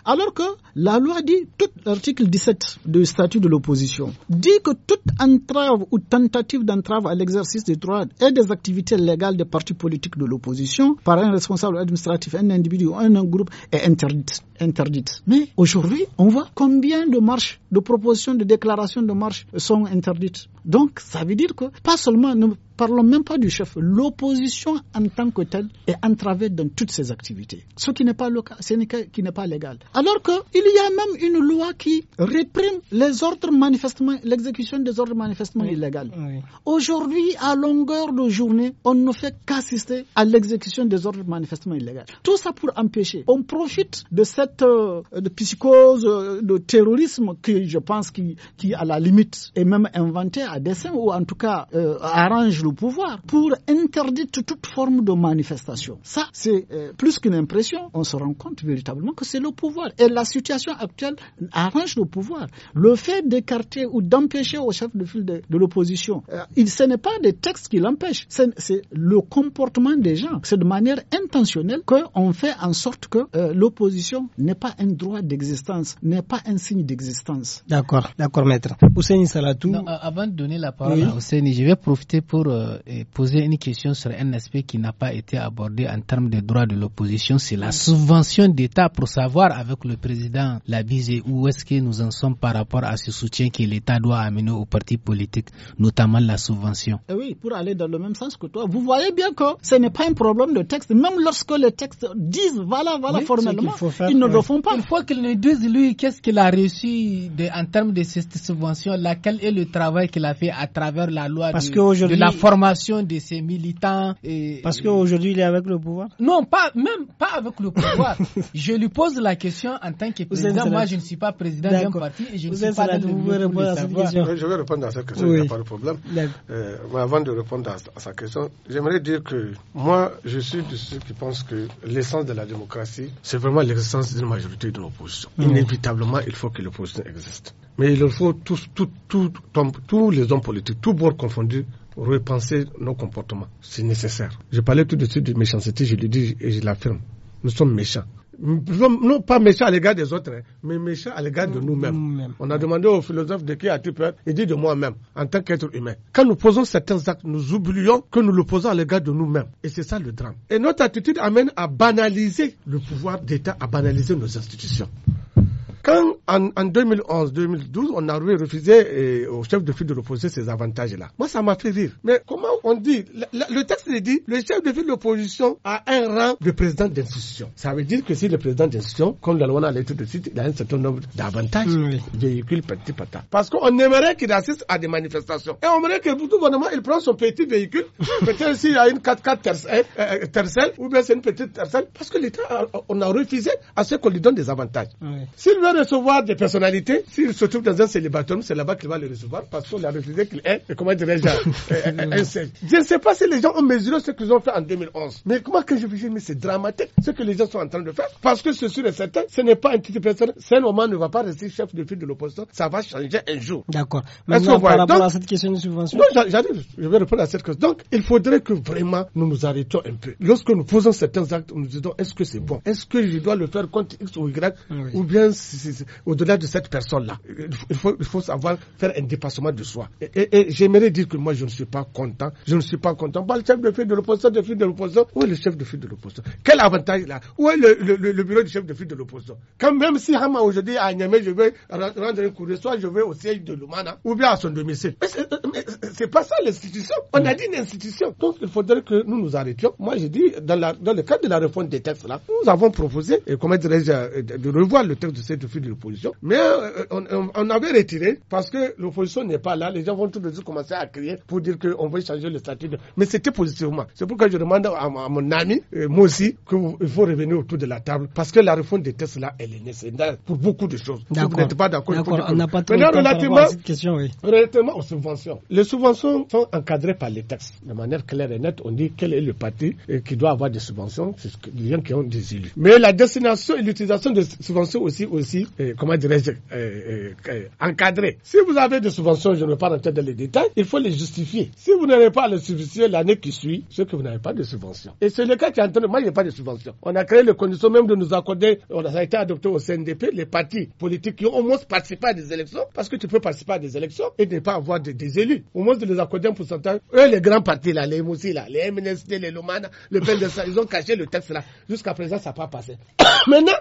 Alors que la loi dit, tout l'article 17 du statut de l'opposition dit que toute entrave ou tentative d'entrave à l'exercice des droits et des activités légales des partis politiques de l'opposition par un responsable administratif, un individu ou un groupe est interdite interdites. Mais aujourd'hui, on voit combien de marches, de propositions, de déclarations de marches sont interdites. Donc, ça veut dire que, pas seulement, ne parlons même pas du chef, l'opposition en tant que telle est entravée dans toutes ses activités. Ce qui n'est pas le cas, ce qui n'est pas légal. Alors qu'il y a même une loi qui réprime les ordres manifestement, l'exécution des ordres manifestement illégal. illégales. Aujourd'hui, à longueur de journée, on ne fait qu'assister à l'exécution des ordres manifestement illégales. Tout ça pour empêcher. On profite de cette euh, de psychose euh, de terrorisme que je pense qui, qui, à la limite est même inventé à dessein ou en tout cas euh, arrange le pouvoir pour interdire toute forme de manifestation. Ça, c'est plus qu'une impression. On se rend compte véritablement que c'est le pouvoir. Et la situation actuelle arrange le pouvoir. Le fait d'écarter ou d'empêcher au chef de file de, l'opposition, il, ce n'est pas des textes qui l'empêchent, c'est le comportement des gens. C'est de manière intentionnelle qu'on fait en sorte que l'opposition n'est pas un droit d'existence, n'est pas un signe d'existence. D'accord, d'accord, maître. Hussein Salatou. avant de donner la parole à Hussein, je vais profiter pour euh, poser une question sur un aspect qui n'a pas été abordé en termes de droits de l'opposition. C'est la subvention d'État pour savoir avec le président la visée, où est-ce que nous en sommes par rapport à ce soutien que l'État doit amener aux partis politiques, notamment la subvention. Eh oui, pour aller dans le même sens que toi, vous voyez bien que ce n'est pas un problème de texte. Même lorsque les textes disent voilà, voilà formellement, il ne ne le pas. Une fois qu'il nous disent, lui, qu'est-ce qu'il a reçu de, en termes de cette subvention, laquelle quel est le travail qu'il a fait à travers la loi de, la formation de ses militants et, Parce qu'aujourd'hui, il est avec le pouvoir Non, pas, même pas avec le pouvoir. je lui pose la question en tant que président. Moi, je ne suis pas président d'un parti et je ne suis pas cette question. Je vais répondre à cette question, il n'y a pas de problème. Euh, avant de répondre à, à sa question, j'aimerais dire que moi, je suis de ceux qui pensent que l'essence de la démocratie, c'est vraiment l'essence une majorité de l'opposition. Mm. Inévitablement, il faut que l'opposition existe. Mais il faut tous, tous les hommes politiques, tous bords confondus, repenser nos comportements. C'est nécessaire. Je parlais tout de suite de méchanceté, je le dis et je l'affirme. Nous sommes méchants non pas méchant à l'égard des autres, hein, mais méchant à l'égard de mm, nous-mêmes. on a demandé au philosophe de qui as-tu peur Il dit de moi-même, en tant qu'être humain. Quand nous posons certains actes, nous oublions que nous le posons à l'égard de nous-mêmes. Et c'est ça le drame. Et notre attitude amène à banaliser le pouvoir d'État, à banaliser nos institutions. Quand en, 2011-2012, on a refusé euh, au chef de file de l'opposition ces avantages-là. Moi, ça m'a fait rire. Mais comment on dit Le texte le dit, le chef de file de l'opposition a un rang de président d'institution. Ça veut dire que si le président d'institution, comme la loi a tout de suite, il a un certain nombre d'avantages, véhicule petit patin. Parce qu'on aimerait qu'il assiste à des manifestations. Et on aimerait que tout gouvernement, il prend son petit véhicule, peut-être s'il y a une 4x4 euh, euh, tercelle, ou bien c'est une petite tercelle, parce que l'État, on a refusé à ce qu'on lui donne des avantages recevoir des personnalités, s'il se trouve dans un célibatum, c'est là-bas qu'il va les recevoir parce qu'on a refusé qu'il est, comment dirais-je, euh, un Je ne sais pas si les gens ont mesuré ce qu'ils ont fait en 2011. Mais comment que je vais dire, mais c'est dramatique ce que les gens sont en train de faire. Parce que ceci est certain, ce n'est pas un titre personne. où moment ne va pas rester chef de file de l'opposition. Ça va changer un jour. D'accord. Maintenant, par rapport Donc, à cette question de subvention. Non, j'arrive. Je vais répondre à cette question. Donc, il faudrait que vraiment nous nous arrêtions un peu. Lorsque nous faisons certains actes, nous disons, est-ce que c'est bon? Est-ce que je dois le faire contre X ou Y? Ah ou bien, au-delà de cette personne-là. Il faut, il faut savoir faire un dépassement de soi. Et, j'aimerais dire que moi, je ne suis pas content. Je ne suis pas content. Pas bah, le chef de file de l'opposition, de file de l'opposition. Où est le chef de file de l'opposition Quel avantage là Où est le, bureau du chef de file de l'opposition Quand même si Hama aujourd'hui à Niamey, je vais rendre un courrier, soit je vais au siège de Lumana, ou bien à son domicile. Mais euh, c'est pas ça l'institution. On a dit une institution. Donc il faudrait que nous nous arrêtions. Moi, je dis, dans, dans le cadre de la réforme des textes là, nous avons proposé, comment euh, de revoir le texte de cette de l'opposition. Mais euh, on, avait retiré parce que l'opposition n'est pas là. Les gens vont tout de suite commencer à crier pour dire qu'on veut changer le statut. Mais c'était positivement. C'est pourquoi je demande à, mon ami, euh, moi aussi, qu'il faut revenir autour de la table parce que la réforme des tests là, elle est nécessaire pour beaucoup de choses. vous n'êtes pas d'accord, on n'a pas Maintenant, relativement, relativement aux subventions. Les subventions sont encadrées par les textes. De manière claire et nette, on dit quel est le parti euh, qui doit avoir des subventions, c'est les gens qui ont des élus. Mais la destination et l'utilisation des subventions aussi, aussi euh, comment dirais-je, euh, euh, euh encadré. Si vous avez des subventions, je ne vais pas rentrer dans les détails, il faut les justifier. Si vous n'avez pas les subventions l'année qui suit, c'est que vous n'avez pas de subventions. Et c'est le cas qui est entendu de... Moi, je n'ai pas de subventions. On a créé les conditions même de nous accorder, on ça a été adopté au CNDP, les partis politiques qui ont au moins participé à des élections, parce que tu peux participer à des élections et ne pas avoir des élus. Au moins de les accorder un pourcentage. Eux, les grands partis, là, les Moussi, les MNSD, les Lomana, le PNDS, ils ont caché le texte là. Jusqu'à présent, ça n'a pas passé. Maintenant,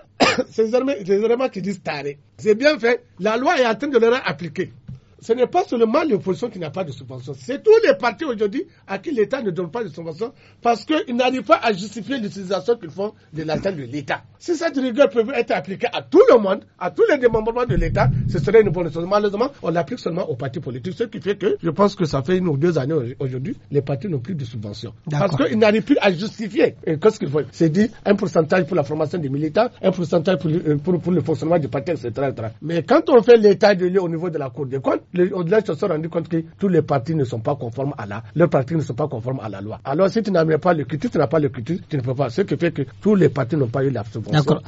ces armées, les éléments qui disent taré. C'est bien fait. La loi est en train de leur appliquer ce n'est pas seulement l'opposition qui n'a pas de subvention, c'est tous les partis aujourd'hui à qui l'État ne donne pas de subvention parce qu'ils n'arrivent pas à justifier l'utilisation qu'ils font de l'argent de l'État. Si cette rigueur peut être appliquée à tout le monde, à tous les démembrements de l'État, ce serait une bonne chose. Malheureusement, on l'applique seulement aux partis politiques, ce qui fait que je pense que ça fait une ou deux années aujourd'hui, les partis n'ont plus de subvention parce qu'ils n'arrivent plus à justifier euh, qu'est-ce qu'ils font. C'est dit un pourcentage pour la formation des militants, un pourcentage pour, le euh, fonctionnement du parti, etc. Mais quand on fait l'état de lieu au niveau de la Cour des comptes, au-delà, se sont rendus compte que tous les partis ne sont pas conformes à la, ne sont pas à la loi. Alors, si tu n'as pas le critique, tu n'as pas le critère, tu ne peux pas. Ce qui fait que tous les partis n'ont pas eu la D'accord.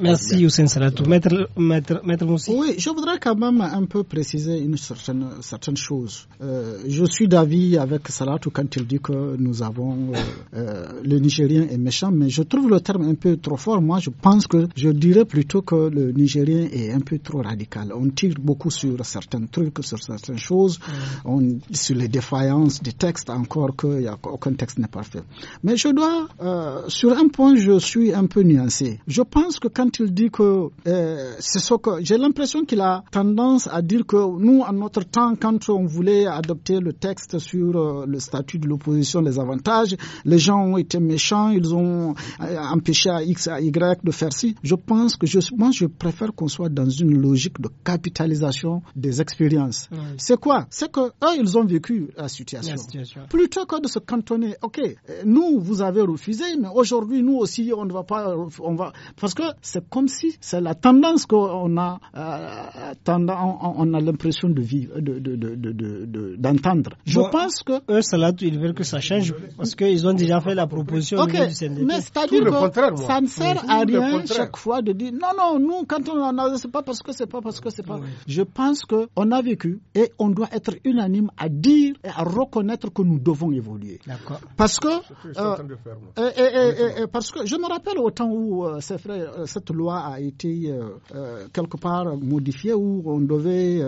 Merci, Youssef Salatou. Maître, Moussi. Oui, je voudrais quand même un peu préciser une certaine, chose. Euh, je suis d'avis avec Salatou quand il dit que nous avons, euh, euh, le Nigérien est méchant, mais je trouve le terme un peu trop fort. Moi, je pense que je dirais plutôt que le Nigérien est un peu trop radical. On tire beaucoup sur certains trucs, sur certaines choses, mm. on, sur les défaillances des textes, encore qu'aucun texte n'est parfait. Mais je dois, euh, sur un point, je suis un peu nuancé. Je pense que quand il dit que euh, c'est ce que, j'ai l'impression qu'il a tendance à dire que nous, en notre temps, quand on voulait adopter le texte sur euh, le statut de l'opposition, les avantages, les gens ont été méchants, ils ont empêché à X, à Y de faire ci. Je pense que moi, je préfère qu'on soit dans une logique de capitalisation des expérience. C'est quoi C'est que eux, ils ont vécu la situation. Plutôt que de se cantonner, ok, nous, vous avez refusé, mais aujourd'hui, nous aussi, on ne va pas, on va, parce que c'est comme si c'est la tendance qu'on a, euh, on, a l'impression de vivre, de, d'entendre. De, de, Je pense que eux, ça là, ils veulent que ça change parce qu'ils ont déjà fait la proposition. Ok, mais c'est-à-dire que ça ne sert à rien chaque fois de dire non, non, nous, quand on en a, c'est pas parce que c'est pas parce que c'est pas. Je pense que on a vécu et on doit être unanime à dire et à reconnaître que nous devons évoluer. Parce que, parce que je me rappelle au temps où euh, euh, cette loi a été euh, quelque part modifiée, où on devait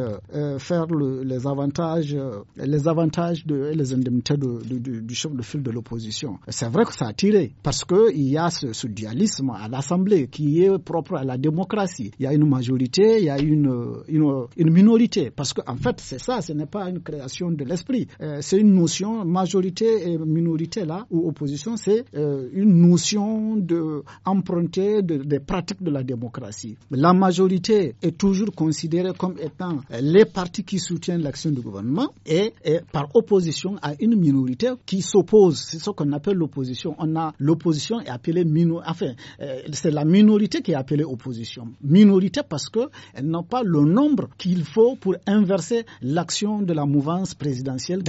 faire les avantages, les avantages de, et les indemnités du, chef de file de l'opposition. C'est vrai que ça a tiré parce qu'il y a ce, dualisme à l'Assemblée qui est propre à la démocratie. Il y a une majorité, il y a une, une minorité parce qu'en fait, c'est ça, ce n'est pas une création de l'esprit. Euh, c'est une notion, majorité et minorité là, ou opposition, c'est euh, une notion de, des pratiques de la démocratie. La majorité est toujours considérée comme étant les partis qui soutiennent l'action du gouvernement et, par opposition à une minorité qui s'oppose. C'est ce qu'on appelle l'opposition. On a l'opposition est appelée minorité. Enfin, euh, c'est la minorité qui est appelée opposition. Minorité parce qu'elle n'a pas le nombre qu'il faut pour inverser l'action de la mouvance présidentielle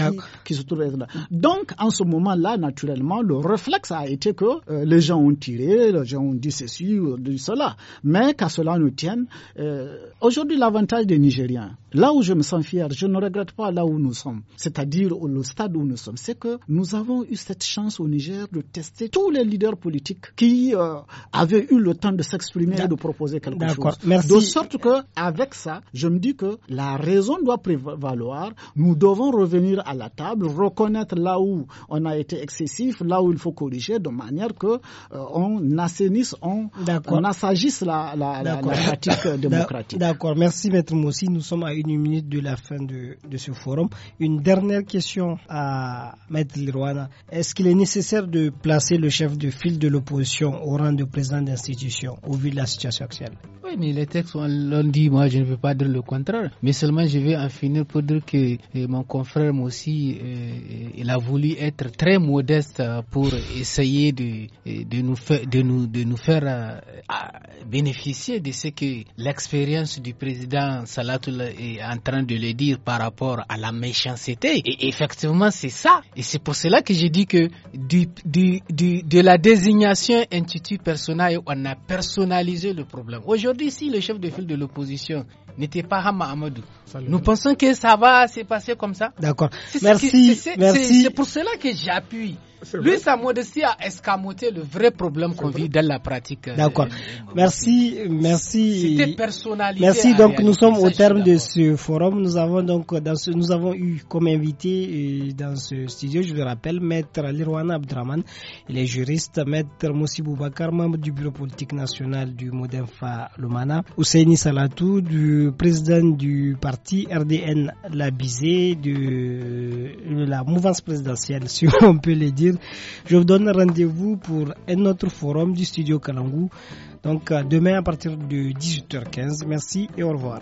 qui, se trouve là. Donc, en ce moment-là, naturellement, le réflexe a été que euh, les gens ont tiré, les gens ont dit ceci ou cela. Mais qu'à cela nous tienne, euh, aujourd'hui, l'avantage des Nigériens, Là où je me sens fier, je ne regrette pas là où nous sommes, c'est-à-dire le stade où nous sommes, c'est que nous avons eu cette chance au Niger de tester tous les leaders politiques qui euh, avaient eu le temps de s'exprimer et de proposer quelque chose. Merci. De sorte que, avec ça, je me dis que la raison doit prévaloir. Nous devons revenir à la table, reconnaître là où on a été excessif, là où il faut corriger, de manière que euh, on assainisse, on, on assagisse la, la, la, pratique démocratique. D'accord. Merci, maître Moussi. Nous sommes à une minute de la fin de, ce forum. Une dernière question à Maître Lirouana. Est-ce qu'il est nécessaire de placer le chef de file de l'opposition au rang de président d'institution au vu de la situation actuelle Oui, mais les textes l'ont dit, moi je ne veux pas dire le contraire, mais seulement je vais en finir pour dire que eh, mon confrère moi aussi, eh, il a voulu être très modeste euh, pour essayer de, eh, de, nous, faire, de, nous, de nous faire euh, bénéficier de ce que l'expérience du président et en train de le dire par rapport à la méchanceté. Et effectivement, c'est ça. Et c'est pour cela que j'ai dit que du, du, de la désignation institut personnel, on a personnalisé le problème. Aujourd'hui, si le chef de file de l'opposition n'était pas Hama nous pensons que ça va se passer comme ça. D'accord. Merci. C'est pour cela que j'appuie lui, sa modestie a escamoté le vrai problème qu'on vit dans la pratique. Euh, D'accord. Merci, merci. C'était personnalisé. Merci. Donc, nous sommes au terme de ce forum. Nous avons donc, dans ce, nous avons eu comme invité euh, dans ce studio, je vous rappelle, Maître Lirwana Abdraman. Il est juriste. Maître Moussi Boubakar, membre du bureau politique national du Modemfa Lomana. Ousseini Salatou, du président du parti RDN Labizé, euh, de la mouvance présidentielle, si on peut le dire. Je vous donne rendez-vous pour un autre forum du studio Kalangou. Donc demain à partir de 18h15. Merci et au revoir.